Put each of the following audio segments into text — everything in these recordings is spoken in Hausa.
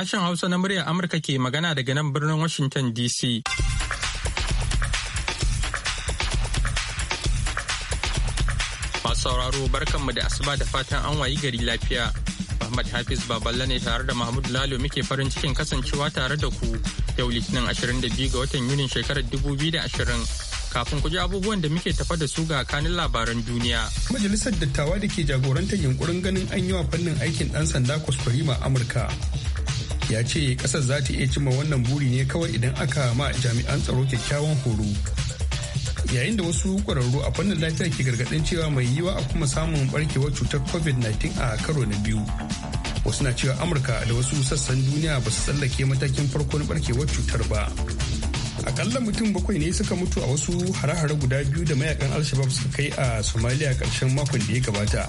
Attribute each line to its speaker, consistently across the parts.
Speaker 1: Sashen Hausa na muryar Amurka ke magana daga nan birnin Washington DC. Masu sauraro barkanmu da asuba da fatan an wayi gari lafiya. Muhammad Hafiz Baballa ne tare da Mahmud Lalo muke farin cikin kasancewa tare da ku yau Litinin 22 ga watan Yunin shekarar 2020. kafin ku ji abubuwan da muke tafa da su ga kanin labaran duniya.
Speaker 2: Majalisar dattawa da ke jagorantar yunkurin ganin an yi wa fannin aikin ɗan sanda ma Amurka ya ce kasar za ta iya cimma wannan buri ne kawai idan aka ma jami'an tsaro kyakkyawan horo yayin da wasu kwararru a fannin lafiya ke gargadin cewa mai yiwa a kuma samun barkewar cutar covid-19 a karo na biyu wasu na cewa amurka da wasu sassan duniya ba su tsallake matakin farko na barkewar cutar ba akalla mutum bakwai ne suka mutu a wasu hare-hare guda biyu da mayakan alshabab suka kai a somalia karshen makon da ya gabata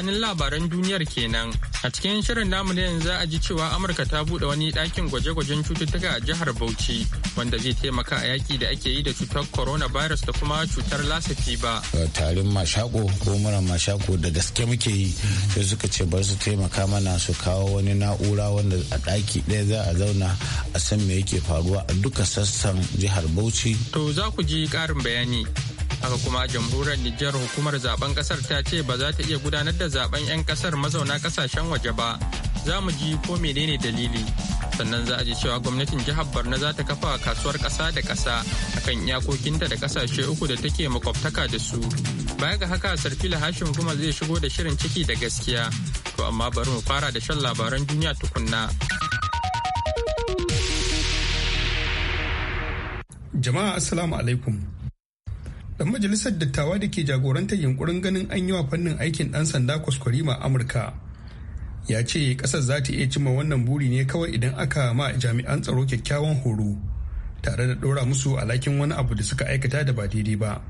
Speaker 1: kanin labaran duniyar kenan a cikin shirin namu na yanzu a ji cewa amurka ta bude wani ɗakin gwaje-gwajen cututtuka a jihar bauchi wanda zai taimaka a yaki da ake yi da cutar coronavirus da kuma cutar lasa ba.
Speaker 3: tarin mashako ko mura mashako da gaske muke yi sai suka ce bar su taimaka mana su kawo wani na'ura wanda a ɗaki ɗaya za a zauna a san me yake faruwa a duka sassan jihar bauchi
Speaker 1: to za ku ji ƙarin bayani haka kuma jamhuriyar Nijar hukumar zaben kasar ta ce ba za ta iya gudanar da zaben 'yan kasar mazauna kasashen waje ba za mu ji ko menene dalili sannan za a ji cewa gwamnatin jihar borno za ta kafa kasuwar ƙasa da ƙasa akan iyakokinta da ƙasashe uku da take makwabtaka da su baya ga haka sarfila hashim kuma zai shigo da shirin ciki da gaskiya to amma bari mu fara da shan labaran duniya tukunna
Speaker 2: jama'a assalamu alaikum Dan majalisar dattawa da ke jagorantar yunkurin ganin an yi wa fannin aikin dan sanda kwaskwari ma Amurka. Ya ce kasar za ta iya cimma wannan buri ne kawai idan aka ma jami'an tsaro kyakkyawan horo tare da ɗora musu alakin wani abu da suka aikata da ba daidai ba.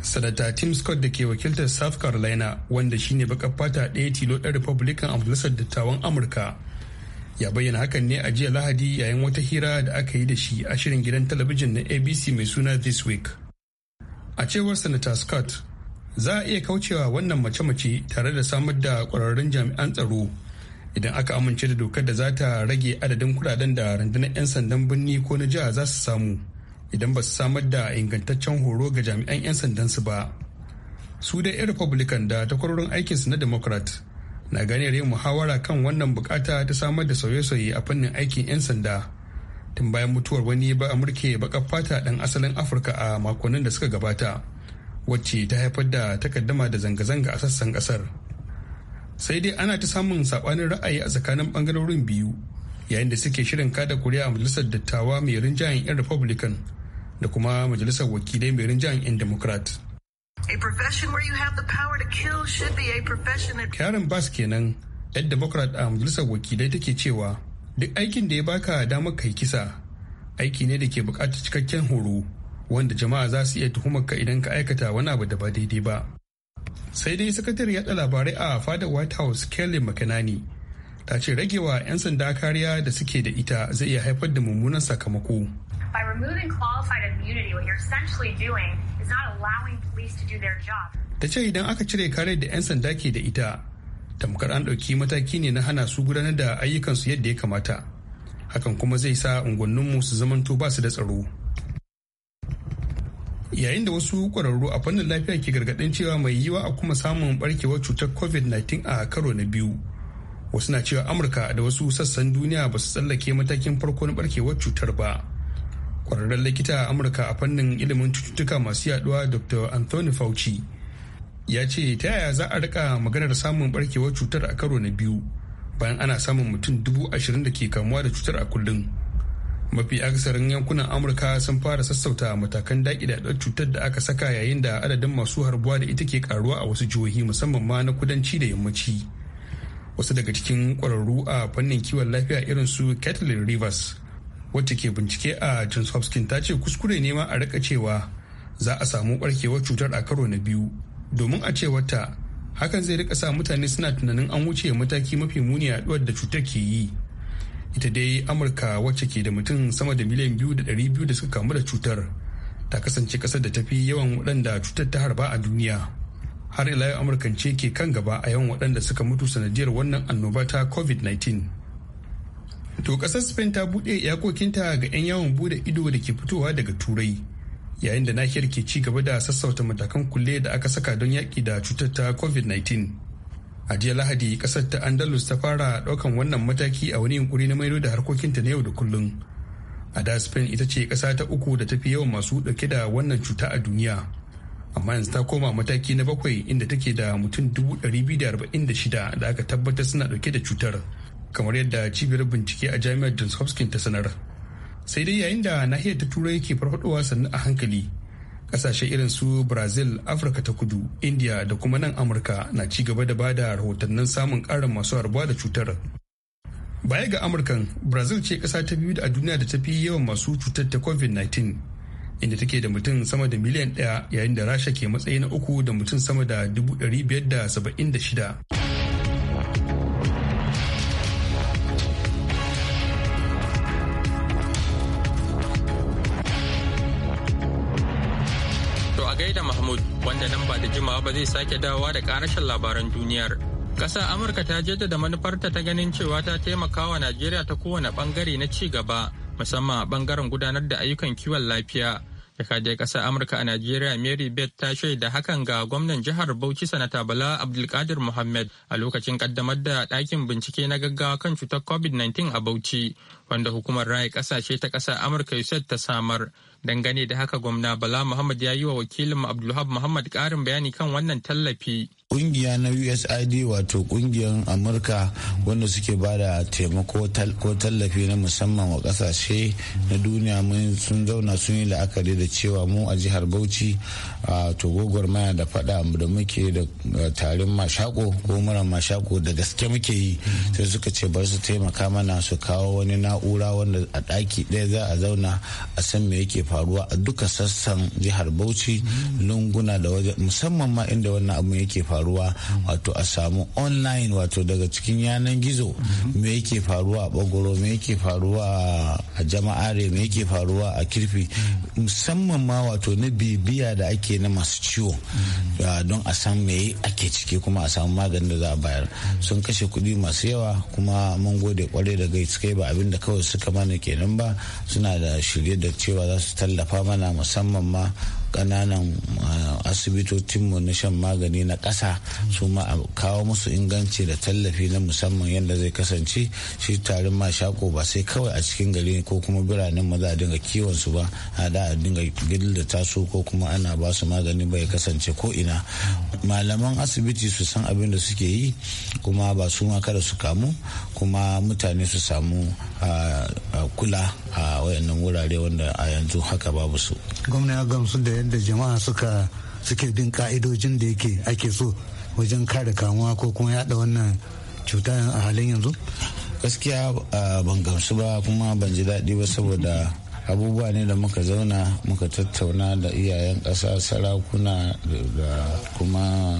Speaker 2: Sanata Tim Scott da ke wakiltar South Carolina wanda shine baka fata ɗaya tilo ɗan Republican a majalisar dattawan Amurka. ya bayyana hakan ne a jiya lahadi yayin wata hira da aka yi da shi a shirin gidan talabijin na abc mai suna this week a cewar sanata scott za a iya kaucewa wannan mace-mace tare da samar da kwararrun jami'an tsaro idan aka amince da dokar da za ta rage adadin kudaden da rundunar 'yan sandan birni ko na jiha za su samu idan ba su samar da ingantaccen horo ga jami'an 'yan sandan su ba su da 'yan republican da takwarorin su na democrat na ganin yin muhawara kan wannan bukata ta samar da sauye-sauye a fannin aikin 'yan sanda tun bayan mutuwar wani ba amurke bakar fata ɗan asalin afirka a makonnin da suka gabata wacce ta haifar da takaddama da zanga-zanga a sassan ƙasar sai dai ana ta samun saɓanin ra'ayi a tsakanin ɓangarorin biyu yayin da suke shirin kada kuri'a a majalisar dattawa mai rinjayen 'yan republican da kuma majalisar wakilai mai rinjayen 'yan democrat karen bas kenan 'yan democrat a majalisar wakilai take cewa duk aikin da ya baka damar kai kisa aiki ne da ke bukatar cikakken horo wanda jama'a za su iya tuhumar ka idan ka aikata wani abu da ba daidai ba sai dai sakatar yada labarai a fadar white house kelly Makanani, ta ce ragewa 'yan sanda kariya da suke da ita zai iya haifar da mummunan sakamako
Speaker 4: By removing qualified what allowing police to do their job.
Speaker 2: Ta ce idan aka cire kare da 'yan sanda ke da ita, tamkar an ɗauki mataki ne na hana su gudanar da ayyukansu yadda ya kamata hakan kuma zai sa unguwanninmu su zamanto ba su da tsaro yayin da wasu kwararru a fannin lafiya ke gargaɗin cewa mai yiwa a kuma samun barkewar cutar covid-19 a karo na biyu wasu na cewa amurka da wasu sassan duniya ba su tsallake matakin farko na barkewar cutar ba kwararren likita a amurka a fannin ilimin cututtuka masu yaduwa dr anthony fauci ya ce ta yaya za a rika maganar samun barkewar cutar a karo na biyu bayan ana samun mutum dubu ashirin da ke kamuwa da cutar a kullum mafi akasarin yankunan amurka sun fara sassauta matakan daƙi da cutar da aka saka yayin da adadin masu harbuwa da ita ke karuwa a wasu jihohi musamman ma na kudanci da yammaci wasu daga cikin kwararru a fannin kiwon lafiya irin su kathleen rivers wacce ke bincike a johns hopkins ta ce kuskure ne ma a rika cewa za a samu barkewar cutar a karo na biyu domin a cewarta hakan zai rika sa mutane suna tunanin an wuce mataki mafi muni yaduwar da cutar ke yi ita dai amurka wacce ke da mutum sama da miliyan biyu da ɗari biyu da suka kamu da cutar ta kasance kasar da tafi yawan waɗanda cutar ta harba a duniya har ila yau amurkance ke kan gaba a yawan waɗanda suka mutu sanadiyar wannan annoba ta covid-19 to ƙasar spain ta buɗe iyakokinta ga 'yan yawon bude ido da ke fitowa daga turai yayin da nahiyar ke ci gaba da sassauta matakan kulle da aka saka don yaƙi da cutar ta covid-19 a jiya lahadi ƙasar ta andalus ta fara ɗaukan wannan mataki a wani yunkuri na maido da harkokinta na yau da kullum a da spain ita ce ƙasa ta uku da tafi yawan masu ɗauke da wannan cuta a duniya amma yanzu ta koma mataki na bakwai inda take da mutum dubu 246 da aka tabbatar suna ɗauke da cutar kamar yadda cibiyar bincike a jami'ar johns hopkins ta sanar sai dai yayin da nahiyar ta turai ke farfadowa sannu a hankali kasashe irin su brazil afirka ta kudu india da kuma nan amurka na ci gaba da bada rahotannin samun karin masu harbuwa da cutar baya ga amurkan brazil ce kasa ta biyu da a duniya da ta fi yawan masu cutar ta covid-19 inda take da mutum sama da miliyan daya yayin da rasha ke matsayi na uku da mutum sama da 576
Speaker 1: gaida Mahmud wanda nan ba da jimawa ba zai sake dawowa da karashin labaran duniyar. Ƙasar Amurka ta jaddada manufarta ta ganin cewa ta taimaka wa Najeriya ta kowane bangare na ci gaba musamman a bangaren gudanar da ayyukan kiwon lafiya. Jakadiyar ƙasar Amurka a Najeriya Mary Beth ta shaida hakan ga gwamnan jihar Bauchi Sanata Bala Abdulkadir Muhammad a lokacin kaddamar da ɗakin bincike na gaggawa kan cutar COVID-19 a Bauchi wanda hukumar raya ƙasashe ta ƙasar Amurka USAID ta samar. Dangane da haka gwamna Bala Muhammad ya yi wa wakilin Abdulhab Muhammad karin bayani kan wannan tallafi.
Speaker 3: kungiya na usid wato kungiyar amurka wanda suke ba da taimako ko tallafi na musamman wa kasashe na duniya mun sun zauna sun yi la'akari da cewa mu a jihar bauchi a togogwar maya da fada da muke da tarin mashako ko mura mashako da gaske muke yi sai suka ce bar su taimaka mana su kawo wani na'ura wanda a ɗaki ɗaya za a zauna a san me yake faruwa a duka sassan jihar bauchi lunguna da waje musamman ma inda wannan abu yake faruwa wato a samu online wato daga cikin yanan gizo me yake faruwa a bagoro me yake faruwa a jama'are me yake faruwa a kirfi musamman ma wato na bibiya da ake na masu ciwo ah, don a san me ake ciki kuma a samu maganin da za a bayar sun kashe kuɗi masu yawa kuma mun gode kwarai da gaske ba abin da kawai suka mana kenan ba suna da shirye da cewa za su tallafa mana musamman ma kananan ah, asibitocinmu na shan magani na ƙasa su ma a kawo musu inganci da tallafi na musamman yadda zai kasance shi tarin ma shako ba sai kawai a cikin gari ko kuma biranen ma za a dinga kiwon su ba a da a dinga gidda su ko kuma ana ba su magani bai kasance ko ina malaman asibiti su san abin da suke yi kuma ba su ma kada su kamu kuma mutane su samu kula a wayannan wurare wanda a yanzu haka babu su gwamna ya gamsu da yadda jama'a suka suke bin ka'idojin da yake ake so wajen kare kamuwa ko kuma yada wannan cuta a halin yanzu gaskiya ah, ban gamsu ba kuma ban ji daɗi ba saboda abubuwa ne da muka zauna muka tattauna da iyayen ƙasa sarakuna da kuma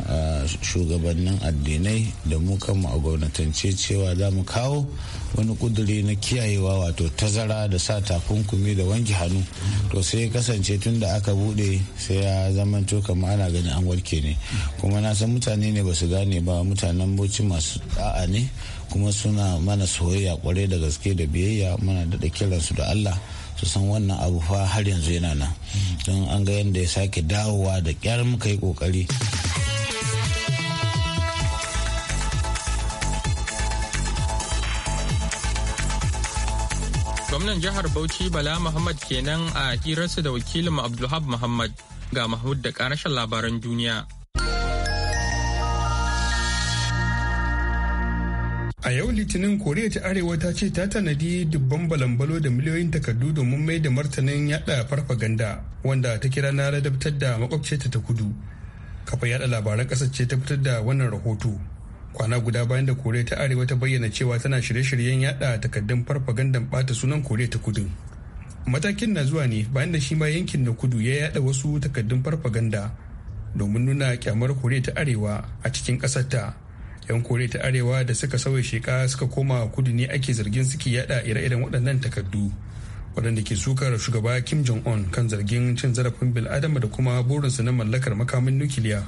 Speaker 3: shugabannin addinai da mu kanmu a gwamnatance cewa za mu kawo wani kuduri na kiyayewa wato tazara da sa takunkumi da wanke hannu to sai kasance tun da aka bude sai ya to kamar ana gani an warke ne kuma na san mutane ne ba su gane ba mutanen boci masu da'a ne kuma suna mana soyayya kwarai da gaske da biyayya mana daɗa kiransu da allah su san wannan abu fa har yanzu yana nan don an ga yadda ya sake dawowa da kyar muka yi kokari
Speaker 1: gwamnan jihar bauchi bala muhammad kenan a hirarsa da wakilin abdulhab muhammad ga mahmud da karashen labaran duniya
Speaker 2: a yau litinin koriya ta arewa ta ce ta tanadi dubban balambalo da miliyoyin takardu domin mai da martanin yada farfaganda wanda ta kira na ladabtar da makwabcinta ta kudu kafa yada labaran kasar ce ta fitar da wannan rahoto kwana guda bayan da koriya ta arewa ta bayyana cewa tana shirye-shiryen yada takardun farfagandan bata sunan koriya ta kudu matakin na zuwa ne bayan da shi ma yankin na kudu ya yada wasu takardun farfaganda domin nuna kyamar koriya ta arewa a cikin ƙasarta 'yan kore ta arewa da suka sauya sheka suka koma kudu ne ake zargin suke yada ire-iren waɗannan takardu waɗanda ke sukar shugaba kim jong-un kan zargin cin zarafin bil'adama da kuma burinsu na mallakar makamin nukiliya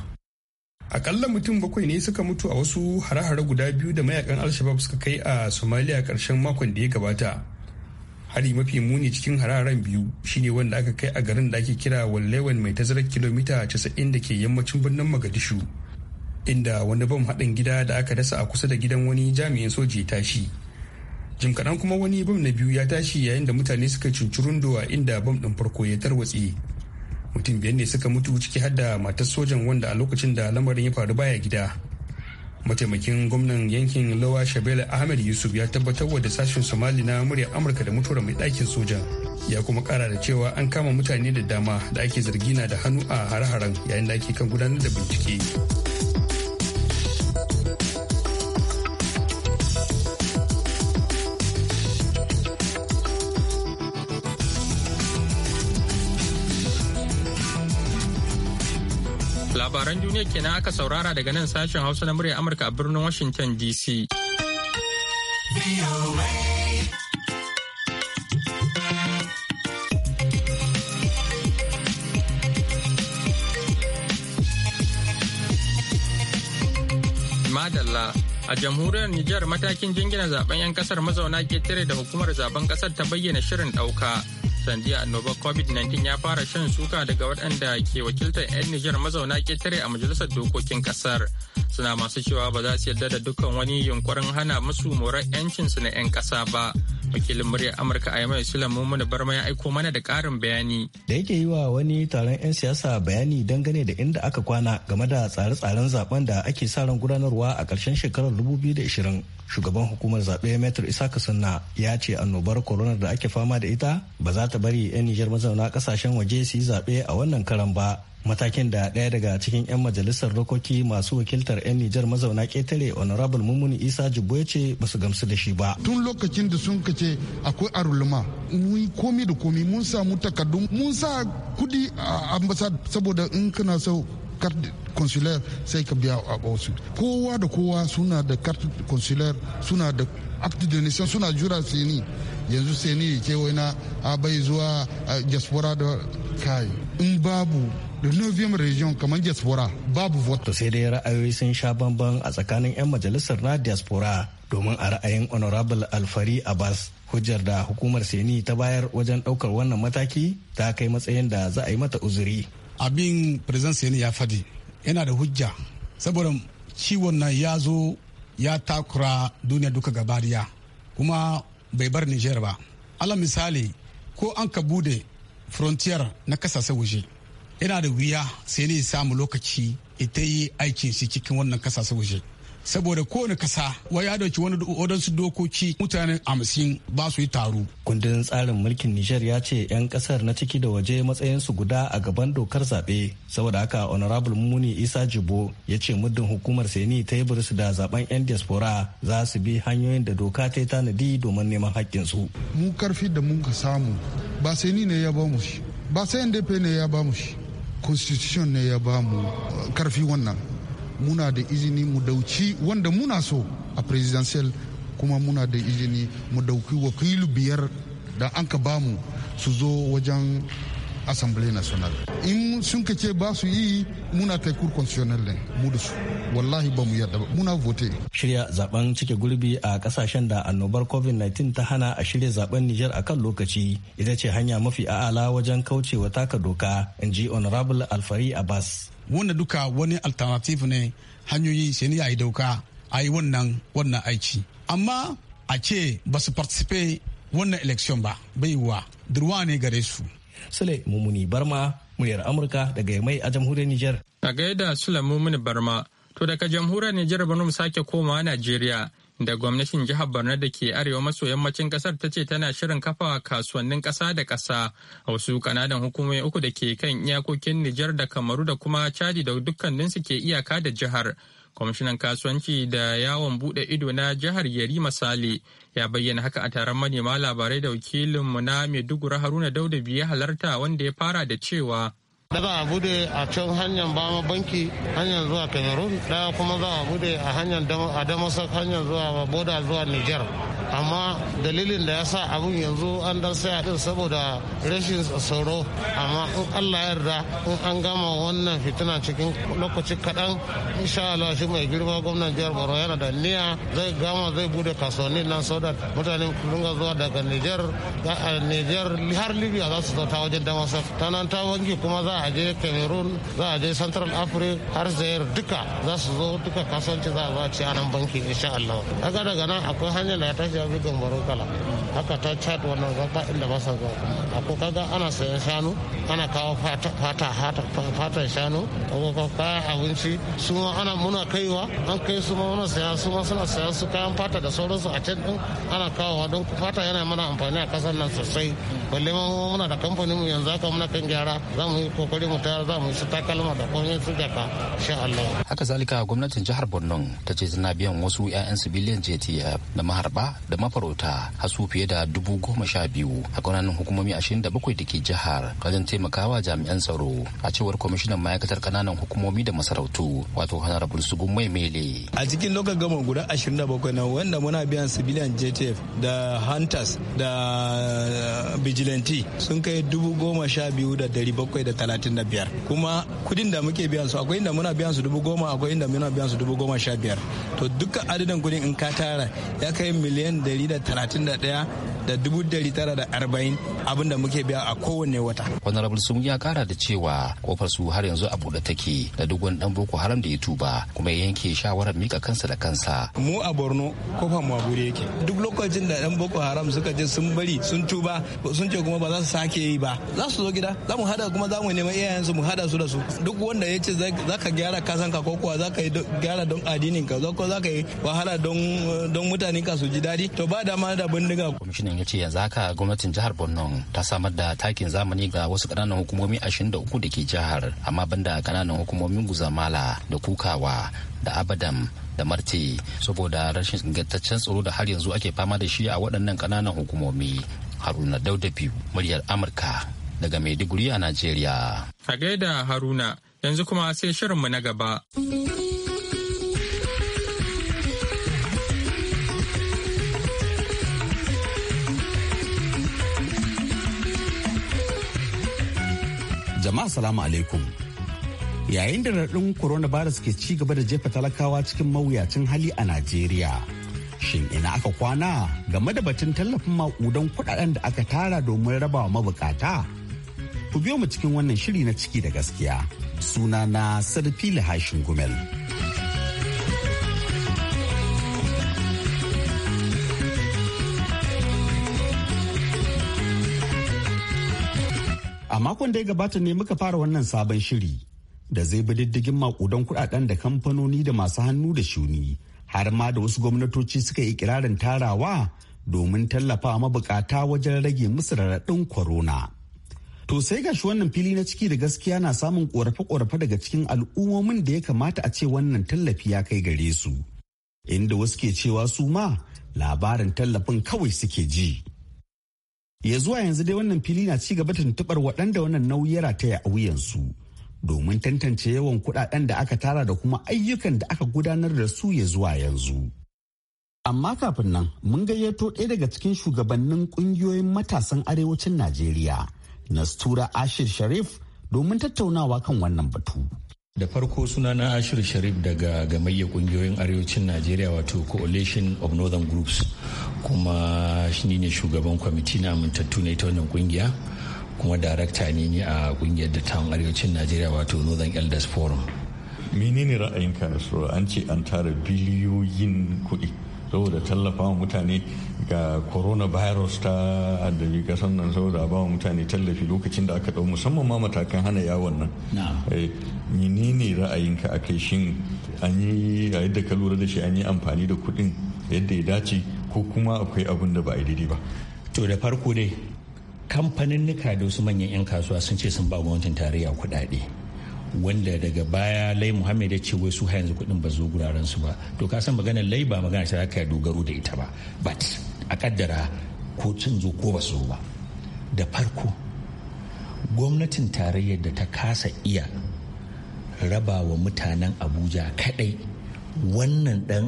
Speaker 2: akalla mutum bakwai ne suka mutu a wasu hare-hare guda biyu da mayakan alshabab suka kai a somalia karshen makon da ya gabata hari mafi muni cikin hararen biyu shine wanda aka kai a garin da ake kira wallewan mai tazarar kilomita 90 da ke yammacin birnin magadishu inda wani bom haɗin gida da aka dasa a kusa da gidan wani jami'in soji ya tashi jim kaɗan kuma wani bom na biyu ya tashi yayin da mutane suka cucurundo a inda bom ɗin farko ya tarwatse mutum biyar ne suka mutu ciki har da matar sojan wanda a lokacin da lamarin ya faru baya gida mataimakin gwamnan yankin lawa shabela ahmed yusuf ya tabbatar wa da sashen somali na muryar amurka da mutuwar mai ɗakin sojan ya kuma kara da cewa an kama mutane da dama da ake zargi na da hannu a hare-haren yayin da ake kan gudanar da bincike.
Speaker 1: Labaran duniya kenan aka saurara daga nan sashen Hausa na murya Amurka a birnin Washington DC. Madalla a jamhuriyar Nijar matakin jingina zaben 'yan kasar mazauna ke tare da hukumar zaben kasar ta bayyana shirin ɗauka. sanadiyar annobar covid-19 ya fara shan suka daga waɗanda ke wakiltar 'yan nijar mazauna ƙetare a majalisar dokokin ƙasar suna masu cewa ba za su yarda da dukkan wani yunkurin hana musu morar 'yancinsu na 'yan ƙasa ba wakilin muryar amurka a yamai sulamu mana barma ya aiko mana da karin
Speaker 5: bayani da yake yi wa wani taron 'yan siyasa bayani dangane da inda aka kwana game da tsare-tsaren zaben da ake sa ran gudanarwa a ƙarshen shekarar 2020 shugaban hukumar zaɓe metro isaka sunna ya ce annobar corona da ake fama da ita ba za ta bari 'yan nijar mazauna ƙasashen waje su yi zaɓe a wannan karan ba matakin da ɗaya daga cikin 'yan majalisar dokoki masu wakiltar 'yan nijar mazauna ketare honorable mummuni isa jibbo ce ba su gamsu da shi
Speaker 6: ba tun lokacin da sun kace akwai arulma mun komi da komi mun samu takardu mun sa kudi a ambasad saboda in kana so carte consulaire sai ka biya a wasu kowa da kowa suna da carte consulaire suna da acte de naissance suna jura sini yanzu sai ni kewaye na bai zuwa jaspora da kai in babu da region kamar diaspora babu voto
Speaker 5: sai dai ra'ayoyi sun sha bamban a tsakanin 'yan majalisar na diaspora domin a ra'ayin honorable alfari abbas hujjar da hukumar seni ta bayar wajen daukar wannan mataki ta kai matsayin da za a yi mata uzuri abin president seni ya fadi yana da hujja saboda ciwon nan ya zo ya takura duniya duka gabariya kuma bai bar nijar ba ala misali ko an ka bude frontier na kasashen waje yana da wuya sai ne samu lokaci ita yi aikin shi cikin wannan kasashe waje saboda kowane kasa wai ya dauki wani wadansu dokoki mutanen hamsin ba su yi taro. Kundin tsarin mulkin Nijar ya ce 'yan kasar na ciki da waje matsayin su guda a gaban dokar zaɓe. Saboda haka Honorable Muni Isa Jibo ya ce muddin hukumar Seni ta yi bursu da zaben 'yan diaspora za su bi hanyoyin da doka ta
Speaker 6: yi tanadi domin neman haƙƙinsu. Mu karfi da mun ka samu ba Seni ne ya bamu shi ba sai NDP ne ya bamu shi constitution ne ya ba karfi wannan muna da izini mu dauki wanda muna so a presidential kuma muna da izini mu dauki wakilu biyar da an ka bamu su zo wajen assembly national. in sun ka ce ba su yi muna kai cour constitutionnel ne mu da su wallahi ba mu yarda muna vote shirya zaben cike gurbi a kasashen da
Speaker 5: annobar covid-19 ta hana a shirya zaben Niger a kan lokaci ita ce hanya mafi a'ala wajen kaucewa taka doka in ji honorable alfari abbas wannan duka wani alternative ne hanyoyi sai ni yayi dauka a yi wannan wannan aiki amma a ce ba su participate wannan election ba bai wa durwa ne gare su sule mumuni barma muryar amurka daga mai a jamhuriyar niger
Speaker 1: a gaida sule mumuni barma to daga jamhuriyar niger bari mu sake komawa najeriya da gwamnatin jihar Borno da ke arewa maso yammacin kasar ta ce tana shirin kafa kasuwannin ƙasa da ƙasa a wasu kananan hukumomi uku da ke kan iyakokin Nijar da Kamaru da kuma Chadi da dukkaninsu ke iyaka da jihar. Kwamishinan kasuwanci da yawon buɗe ido na jihar Yari Masale ya bayyana haka a taron manema labarai da wakilinmu na Maiduguri Haruna Dauda biya halarta
Speaker 4: wanda ya fara da cewa. da za a bude a can hanyar bama banki hanyar zuwa cameroon daya kuma za a bude a hanyar adamasak hanyar zuwa boda zuwa niger amma dalilin da ya sa abin yanzu an dan saya din saboda rashin tsoro amma in allah yarda in an gama wannan fitina cikin lokaci kaɗan insha allah shi mai girma gwamnan jihar borno yana da niyya zai gama zai bude kasuwanni nan so da mutane dinga zuwa daga niger har libya za su zauta ta wajen damasak ta nan ta wanki kuma za a a je cameroon za a je central africa har zayar duka za su zo duka kasance za a ci a nan banki insha allah daga daga nan akwai hanyar da ta shafi gambaro kala haka ta chat wannan zaka inda ba sa zo akwai kaga ana sayan shanu ana kawo fata fata shanu akwai kaya abinci su ma ana muna kaiwa an kai su ma muna saya su ma suna saya su kayan fata da sauransu a can din ana kawowa don fata yana mana amfani a kasar nan sosai balle ma muna da kamfanin mu yanzu haka muna kan gyara za mu yi kokari mu tayar za mu yi su takalma da komai su daga sha Allah
Speaker 6: haka zalika gwamnatin jihar Borno ta ce tana biyan wasu 'ya'yan sibiliyan JTF da maharba da mafarauta su fiye da dubu goma sha biyu a ƙananan hukumomi ashirin da bakwai da ke jihar wajen taimakawa jami'an tsaro a cewar kwamishinan ma'aikatar ƙananan hukumomi da masarautu wato honorable sugun mai mele
Speaker 2: a cikin lokacin gama guda ashirin da bakwai na wanda muna biyan sibiliyan JTF da hunters da vigilante sun kai dubu goma sha biyu da dari bakwai da talatin talatin da biyar kuma kudin da muke biyan su akwai inda muna biyan su dubu goma akwai inda muna biyan su dubu goma sha biyar to duka adadin kudin in ka tara ya kai miliyan dari
Speaker 6: da talatin da daya da dubu dari tara da arba'in abin da muke biya a kowane wata. honorable sun ya kara da cewa kofar su har yanzu a buɗe take da duk wani dan boko haram da ya tuba kuma ya yanke shawarar mika kansa da kansa.
Speaker 2: mu a borno kofar mu a buɗe yake duk
Speaker 5: lokacin da dan boko haram suka je sun bari sun tuba sun ce kuma ba za su sake yi ba za su zo gida za mu hada kuma za mu ne neman iyayensu mu hada su da su duk wanda ya ce za ka gyara kasan ka ko kuwa za ka yi gyara don addinin ka ko za ka yi wahala don mutane ka su ji daɗi to ba
Speaker 6: dama da bindiga. kwamishinan ya ce yanzu haka gwamnatin jihar borno ta samar da takin zamani ga wasu kananan hukumomi ashirin da uku da ke jihar amma banda kananan hukumomin guzamala da kukawa da abadam da marti saboda rashin ingantaccen tsaro da har yanzu ake fama da shi a waɗannan kananan hukumomi haruna dauda biyu muryar amurka daga Maiduguri a Najeriya.
Speaker 1: A gaida Haruna yanzu kuma sai shirinmu na gaba.
Speaker 7: Jama'a salamu alaikum. Yayin da raɗin coronavirus ke ci gaba da jefa talakawa cikin mawuyacin hali a Najeriya. shin ina aka kwana game da batun tallafin maƙudan kuɗaɗen da aka tara domin rabawa mabukata ku biyo mu cikin wannan shiri na ciki da gaskiya suna na sarfila hashin gumel a makon da ya gabata ne muka fara wannan sabon shiri da zai bi diddigin makudan kudaden da kamfanoni da masu hannu da shuni har ma da wasu gwamnatoci suka yi kirarin tarawa domin tallafa mabukata wajen rage musu raɗaɗin korona. To sai ga shi wannan fili na ciki da gaskiya na samun korafe-korafe daga cikin al'ummomin da ya kamata a ce wannan tallafi ya kai gare su. Inda wasu ke cewa su ma labarin tallafin kawai suke ji. Ya zuwa yanzu dai wannan fili na ci gaba da tuntuɓar waɗanda wannan nauyi ya rataya a wuyansu. domin tantance yawan kuɗaɗen da aka tara da kuma ayyukan da aka gudanar da su ya zuwa yanzu. Amma kafin nan mun gayyato ɗaya daga cikin shugabannin ƙungiyoyin matasan arewacin Najeriya Nastura Ashir Sharif domin tattaunawa kan wannan batu.
Speaker 8: Da farko suna na Ashir Sharif daga gamayya kungiyoyin arewacin Najeriya wato Coalition of Northern Groups kuma shi ne shugaban kwamiti na amintattu na ita wannan kungiya kuma darakta ne ne a kungiyar ta arewacin Najeriya wato Northern Elders Forum.
Speaker 9: Menene ra'ayinka su an ce an tara biliyoyin kuɗi saboda tallafa wa mutane ga coronavirus ta addabi kasan nan saboda a bawa mutane tallafi lokacin da aka dau musamman ma matakan hana yawon nan eh, ne ra'ayinka a kai shin an yi a yadda ka lura da shi an yi amfani da kuɗin yadda ya dace ko kuma akwai abin da ba a daidai ba to da farko dai kamfanin nika da wasu manyan 'yan kasuwa
Speaker 8: sun ce sun ba gwamnatin tarayya kuɗaɗe wanda daga baya lai muhammed ya ce wai su har yanzu kuɗin ba zo guraren su ba to ka san maganar lai ba magana ta ka dogaro da ita ba but a kaddara ko sun zo ko ba su ba da farko gwamnatin tarayyar da ta kasa iya raba wa mutanen abuja kadai wannan dan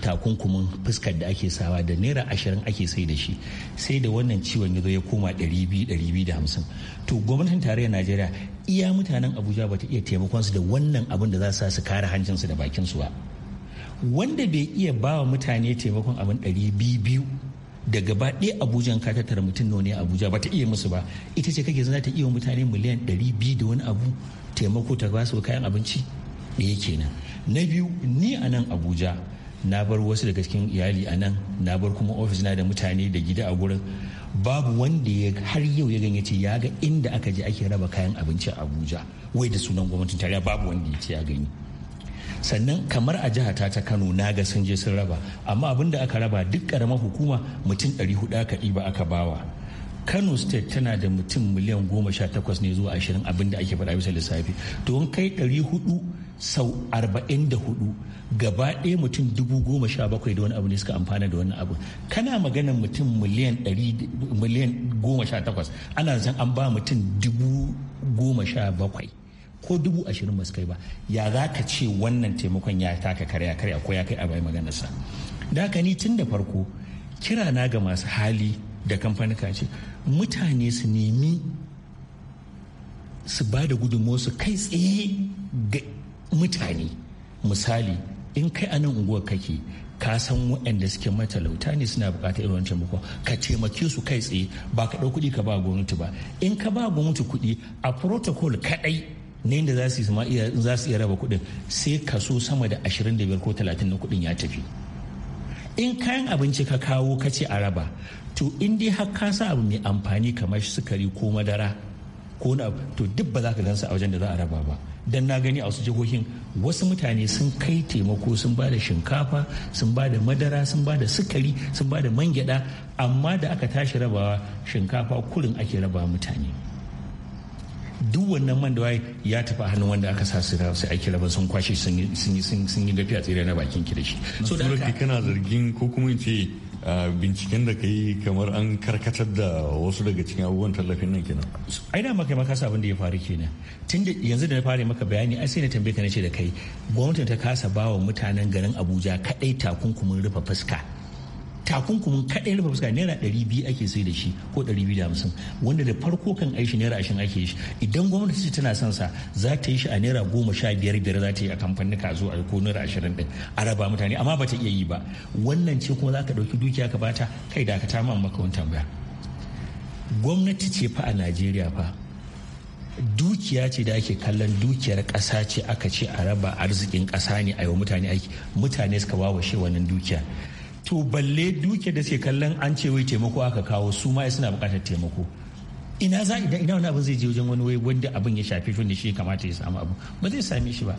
Speaker 8: takunkumin fuskar da ake sawa da naira ashirin ake sai da shi sai da wannan ciwon ya zo ya koma ɗari biyu ɗari biyu da hamsin to gwamnatin tarayyar najeriya iya mutanen abuja bata iya taimakon su da wannan abin da za su kare hancinsu da bakin su ba wanda bai iya ba wa mutane taimakon abin ɗari biyu da gaba ɗaya abuja ka tara mutum nawa ne abuja ba ta iya musu ba ita ce kake za ta iya mutane miliyan ɗari biyu da wani abu taimako ta ba su kayan abinci da kenan nan na biyu ni a nan abuja na bar wasu daga cikin iyali a nan na bar kuma ofis na da mutane da gida a gurin babu wanda ya har yau ya ganye ce ya ga inda aka je ake raba kayan abinci a abuja wai da sunan gwamnatin tarayya babu wanda ya ce ya gani sannan kamar a jihata ta kano na ga sun je sun raba amma abin da aka raba duk karamar hukuma mutum 400 aka ɗiba aka bawa kano state tana da mutum miliyan goma sha takwas ne zuwa ashirin abin da ake faɗa bisa lissafi to kai ɗari hudu sau 44 gaba ɗaya mutum dubu da wani abu ne suka amfana da wani abu kana maganar mutum miliyan 18 ana zan an ba mutum dubu ko dubu ashirin ba su kai ba ya za ka ce wannan taimakon ya taka karya karya ko ya kai a bai maganarsa da haka ni tun da farko kira na ga masu hali da kamfanika ce mutane su nemi su ba da gudunmu su kai tsaye ga mutane misali in kai a nan unguwar kake ka san waɗanda suke matalauta ne suna bukatar irin wancan taimako ka taimake su kai tsaye ba ka ɗau kuɗi ka ba gwamnati ba in ka ba gwamnati kuɗi a protocol kaɗai na da za su iya raba kuɗin sai kaso sama da 25 ko 30 na kuɗin ya tafi in kayan abinci ka kawo ka ce a raba to in dai har ka sa abu mai amfani kamar sukari ko madara ko na to duk ba za ka gansa a wajen da za a raba ba don na gani a wasu jihohin wasu mutane sun kai taimako sun ba da shinkafa sun ba da madara sun ba da sukari sun ba da man amma da aka tashi rabawa shinkafa kurin ake raba mutane duk wannan man da waye ya tafi hannu wanda aka sa su sai aiki sun kwashe sun
Speaker 9: yi dafi a tsere na bakin kirishi. so da kana zargin ko kuma ce binciken da ka kamar an karkatar da wasu daga cikin abubuwan tallafin nan kenan.
Speaker 8: ai da maka kasa abin da ya faru kenan tun da yanzu da na fara maka bayani ai sai na tambaye ka nace da kai gwamnati ta kasa bawa mutanen garin abuja kadai takunkumin rufe fuska takunkumin kaɗai rufe fuska naira ɗari biyu ake sai da shi ko ɗari biyu da hamsin wanda da farko kan aishi naira ashirin ake shi idan gwamnati ce tana son sa za ta yi shi a naira goma sha biyar biyar za ta yi a kamfanin kazo a ko naira ashirin ɗin a raba mutane amma ba ta iya yi ba wannan ce kuma za ka ɗauki dukiya ka bata kai da ka ta ma maka wani tambaya gwamnati ce fa a najeriya fa dukiya ce da ake kallon dukiyar ƙasa ce aka ce a raba arzikin ƙasa ne a yau mutane aiki mutane suka wawashe wannan dukiya to balle duke da suke kallon an ce wai taimako aka kawo su ma suna bukatar taimako ina za idan wani abin zai je wajen wani wai wanda abin ya shafi shi wanda shi kamata ya samu abu ba zai sami shi ba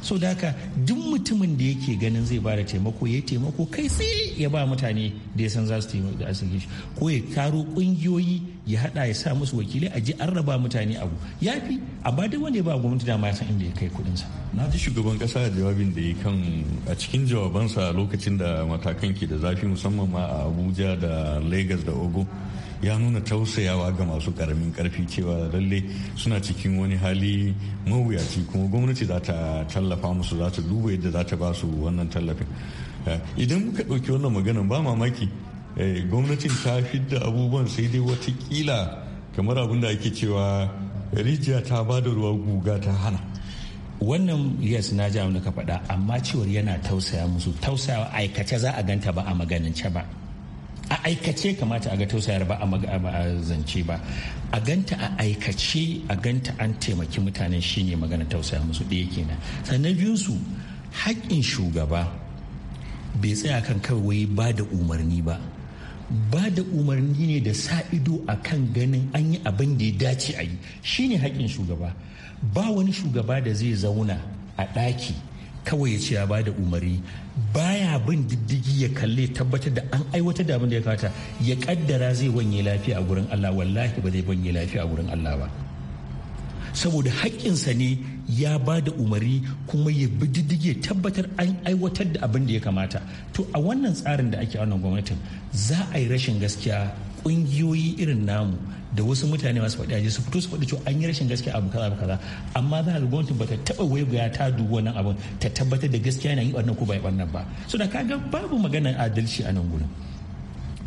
Speaker 8: so da haka duk mutumin da yake ganin zai ba da taimako ya taimako kai sai ya ba mutane da ya san za su taimaka shi ko ya karo kungiyoyi ya haɗa ya sa musu wakilai a ji an raba mutane abu ya fi a ba duk wanda ya ba gwamnati dama ya san inda ya kai kudinsa.
Speaker 9: na ji shugaban kasa jawabin da ya kan a cikin jawabansa lokacin da matakan ke da zafi musamman ma a abuja da lagos da ogun ya nuna tausayawa ga masu karamin karfi cewa lalle suna cikin wani hali mawuyaci kuma gwamnati za ta tallafa musu za ta duba yadda za ta ba su wannan tallafi. Eh, idan muka ɗauki wannan maganin ba mamaki eh, gwamnatin ta fidda abubuwan sai dai watakila kamar abin da ake cewa rijiya ta ba da ruwa guga ta hana wannan yes na ji ka
Speaker 8: faɗa amma cewar yana tausaya musu tausayawa aikace za a ganta ba a maganin maganance ba a aikace kamata a ga tausayar ba a zance ba a ganta a aikace a ganta an taimaki mutanen shine magana tausaya musu ɗaya kenan sannan biyunsu haƙƙin shugaba bai tsaya kan kawai ba da umarni ba ba da umarni ne da sa ido a kan ganin an yi abin da ya dace a yi shine haƙƙin shugaba ba wani shugaba da zai zauna a ɗaki kawai ya ce ya bada umari baya bin diddigi ya kalle tabbatar da an aiwatar da abin da ya kamata ya kaddara zai wanye lafiya a gurin Allah wallahi ba zai wanye lafiya a gurin Allah ba saboda haƙƙinsa ne ya ba da umari kuma ya bi diddigi ya tabbatar an aiwatar da abin da ya kamata to a wannan tsarin da ake wannan gwamnatin za a yi rashin gaskiya kungiyoyi irin namu da wasu mutane masu faɗi aji su fito su faɗi cewa an yi rashin gaskiya abu kaza kaza amma za a gwamnati ba ta taɓa ta dubi wannan abun ta tabbatar da gaskiya na yi ɓarnan ko ba yi ɓarnan ba so da kaga babu maganar adalci a nan gurin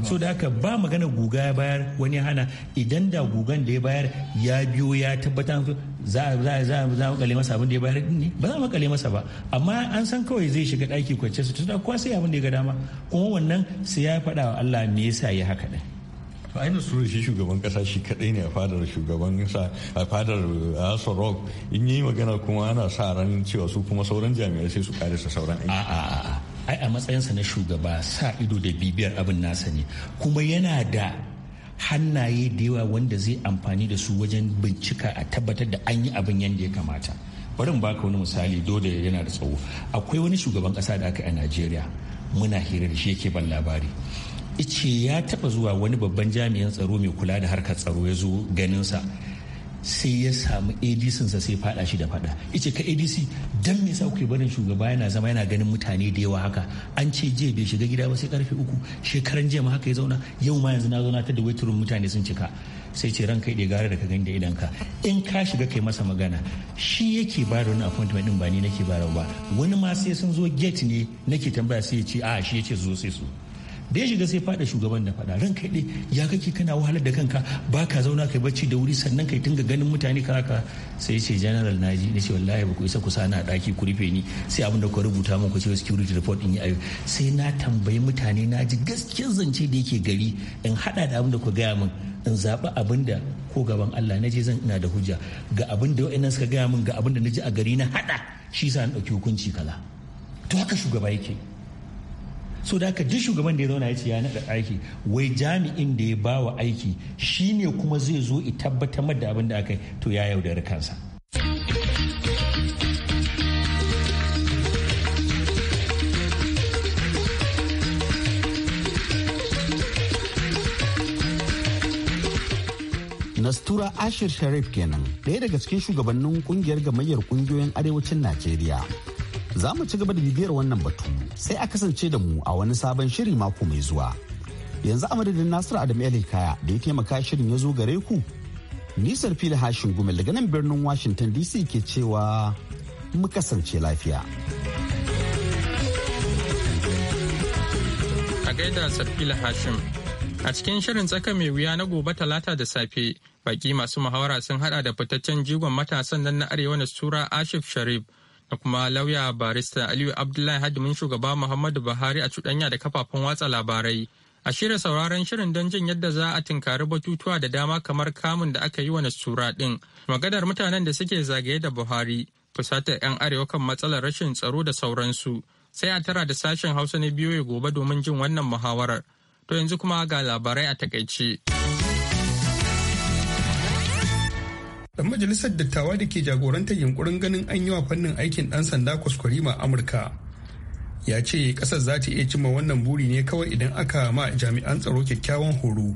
Speaker 8: so da haka ba magana guga ya bayar wani hana idan da gugan da ya bayar ya biyo ya tabbatar za a za a kalle masa abin da ya bayar ne ba za a kalle masa ba amma an san kawai zai shiga ɗaki kwance su tunda kowa sai abin da ya ga dama kuma wannan sai ya faɗa wa Allah me yasa ya haka ne.
Speaker 9: to ai shi shugaban kasa shi kadai ne a fadar shugaban sa a fadar asa rock in yi magana kuma ana sa ran cewa su kuma sauran jami'ai sai su karisa sauran aiki a'a
Speaker 8: ai a matsayinsa na shugaba sa ido da bibiyar abin nasa ne kuma yana da hannaye da yawa wanda zai amfani da su wajen bincika a tabbatar da an yi abin yadda ya kamata bari baka wani misali dole yana da tsawo akwai wani shugaban kasa da aka a najeriya muna hira da shi yake ban labari ice ya taba zuwa wani babban jami'in tsaro mai kula da harkar tsaro ya zo ganinsa sai ya samu adc sa sai fada shi da fada ice ka adc dan me sa kuke barin shugaba yana zama yana ganin mutane da yawa haka an ce jiya bai shiga gida ba sai karfe uku shekaran jiya ma haka ya zauna yau ma yanzu na zauna ta da waiturin mutane sun cika sai ce ranka ya gara da ka gani da idan ka in ka shiga kai masa magana shi yake ba da wani appointment din ba ni nake ba ba wani ma sai sun zo gate ne nake tambaya sai ya ce a shi yace zo sai su da ya shiga sai fada shugaban da fada ran kai dai ya kake kana wahalar da kanka ba ka zauna kai bacci da wuri sannan kai tunga ganin mutane ka haka sai ce general naji na ce wallahi ba ku isa ku na a daki ku rufe ni sai abin da ku rubuta min ku ce security report din yi sai na tambayi mutane na ji gaskiyar zance da yake gari in hada da abin da ku gaya min in zaɓi abin da ko gaban Allah na je zan ina da hujja ga abin da wa'annan suka gaya min ga abin da na ji a gari na haɗa shi sa na ɗauki hukunci kala to haka shugaba yake so da haka duk shugaban da ya zauna ya ce ya naɗa aiki wai jami'in da ya bawa aiki shine kuma zai zo i tabbatar da abin da aka yi to ya yaudari kansa
Speaker 7: Nastura Ashir Sharif kenan, ɗaya daga cikin shugabannin kungiyar gamayyar kungiyoyin arewacin Najeriya Za mu ci gaba da bibiyar wannan batu sai a kasance da mu a wani sabon shiri mako mai zuwa. Yanzu a madadin Nasiru Adam Kaya da ya taimaka shirin ya zo gare ku. Nisar fili hashin gumel daga nan birnin Washington DC ke cewa mu kasance lafiya.
Speaker 1: A gaida Sarfila Hashim, a cikin shirin tsaka mai wuya na gobe talata da safe, baki masu muhawara sun hada da fitaccen jigon matasan nan na arewa na Sura Ashif Sharif da kuma lauya barista aliyu abdullahi hadimin shugaba muhammadu buhari a cuɗanya da kafafen watsa labarai a shirya sauraron shirin don jin yadda za a tinkari batutuwa da dama kamar kamun da aka yi wa nasura ɗin maganar mutanen da suke zagaye da buhari fusatar 'yan arewa kan matsalar rashin tsaro da sauransu sai a tara da sashen hausa na biyu gobe domin jin wannan muhawarar to yanzu kuma ga labarai a takaice.
Speaker 2: dan majalisar dattawa da ke jagorantar yunkurin ganin an yi wa fannin aikin dan sanda ma amurka ya ce kasar za ta iya cimma wannan buri ne kawai idan aka ma jami'an tsaro kyakkyawan horo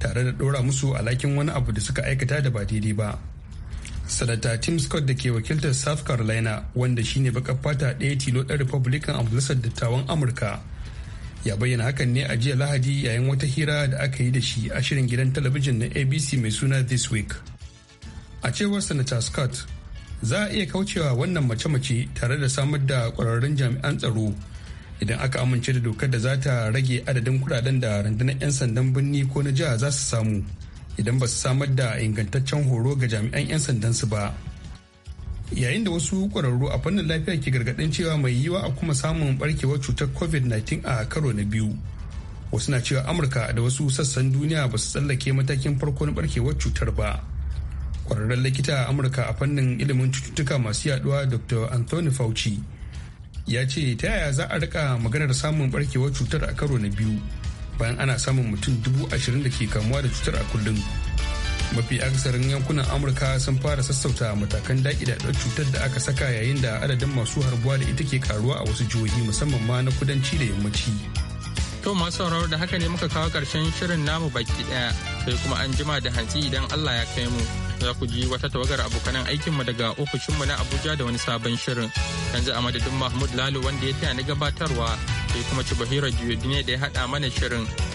Speaker 2: tare da ɗora musu alakin wani abu da suka aikata da ba daidai ba sanata tim scott da ke wakiltar south carolina wanda shine baka fata ɗaya tilo ɗan republican a majalisar dattawan amurka ya bayyana hakan ne a jiya lahadi yayin wata hira da aka yi da shi a shirin gidan talabijin na abc mai suna this week a cewar sanata scott za a iya kaucewa wannan mace-mace tare da samar da kwararrun jami'an tsaro idan aka amince da dokar da za ta rage adadin kudaden da rundunar 'yan sandan birni ko na jiha za su samu idan ba su samar da ingantaccen horo ga jami'an 'yan sandan su ba yayin da wasu kwararru a fannin lafiya ke gargadin cewa mai yiwa a kuma samun barkewar cutar covid-19 a karo na biyu wasu na cewa amurka da wasu sassan duniya ba su tsallake matakin farko na barkewar cutar ba kwararren likita a amurka a fannin ilimin cututtuka masu yaduwa dr anthony fauci ya ce ta yaya za a rika maganar samun barkewar cutar a karo na biyu bayan ana samun mutum dubu ashirin da ke kamuwa da cutar a kullum mafi akasarin yankunan amurka sun fara sassauta matakan daƙi da cutar da aka saka yayin da adadin masu harbuwa da ita ke karuwa a wasu jihohi musamman ma na kudanci da yammaci
Speaker 1: to masu sauraro da haka ne muka kawo ƙarshen shirin namu baki ɗaya sai kuma an jima da hantsi idan allah ya kai mu za ku ji wata tawagar abokanan aikinmu daga ofishinmu na Abuja da wani sabon shirin. Yanzu a madadin Mahmud Lalo wanda ya taya ni gabatarwa sai kuma ci Bahira Jiyodine da ya haɗa mana shirin